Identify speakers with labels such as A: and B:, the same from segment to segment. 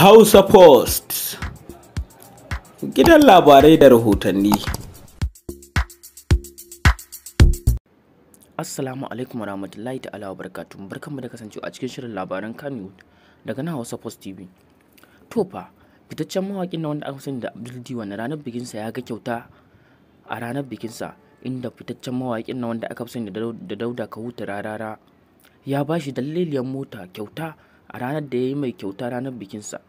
A: Hausa Post gidan labarai da rahotanni.
B: Assalamu alaikum warahmatullahi ta'ala wa barkatun barkanmu da kasancewa a cikin shirin labaran Kano daga na Hausa Post TV. Tofa, fitaccen mawaƙin na wanda aka sani da Abdul wanda ranar bikinsa ya ga kyauta a ranar bikinsa inda fitaccen mawaƙin na wanda aka sani da Dauda ka huta Rarara ya ba shi mota kyauta a ranar da ya yi mai kyauta ranar bikinsa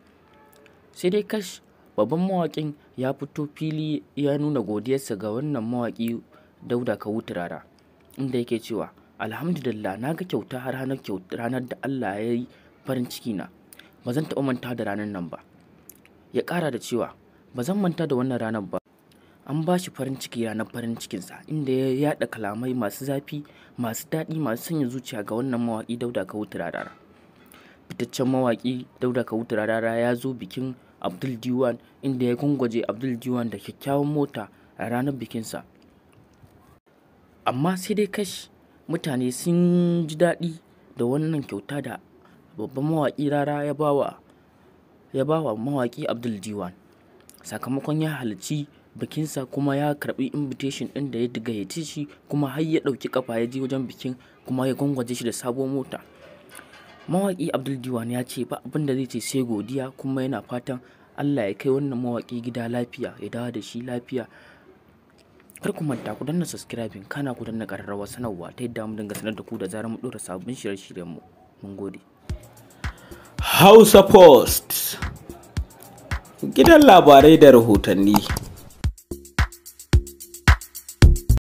B: Sai dai kash babban mawakin ya fito fili ya nuna godiyarsa ga wannan mawaki Dauda ka Turara inda yake cewa Alhamdulillah na ga kyauta har ranar da Allah ya yi farin ciki na ba zan taɓa manta da ranar nan ba. Ya ƙara da cewa ba zan manta da wannan ranar ba. An ba shi farin ciki ranar farin cikinsa inda ya yaɗa kalamai masu zafi masu daɗi masu sanya zuciya ga wannan mawaki Dauda ka Turara. fitaccen mawaƙi Dauda wuta rara ya zo bikin Abdul Diwan inda ya gwangwaje Abdul Diwan da kyakkyawan mota a ranar bikinsa. Amma sai dai kash mutane sun ji daɗi da wannan kyauta da babban mawaƙi Rara ya bawa mawaƙi Abdul Diwan. Sakamakon ya halarci bikinsa kuma ya karbi invitation ɗin da ya gayyace shi kuma har ya ɗauki kafa ya je wajen bikin kuma ya gwangwaje shi da sabuwar mota. Mawaƙi Abdul Diwan ya ce ba abin da zai ce sai godiya kuma yana fatan Allah ya kai wannan mawaƙi gida lafiya ya dawo da shi lafiya. Kar ku manta ku danna subscribing kana ku danna ƙararrawar sanarwa ta yadda mu dinga sanar da ku da zarar mu ɗora sabbin shirye-shiryenmu. Mun gode.
A: Hausa Post gidan labarai da rahotanni.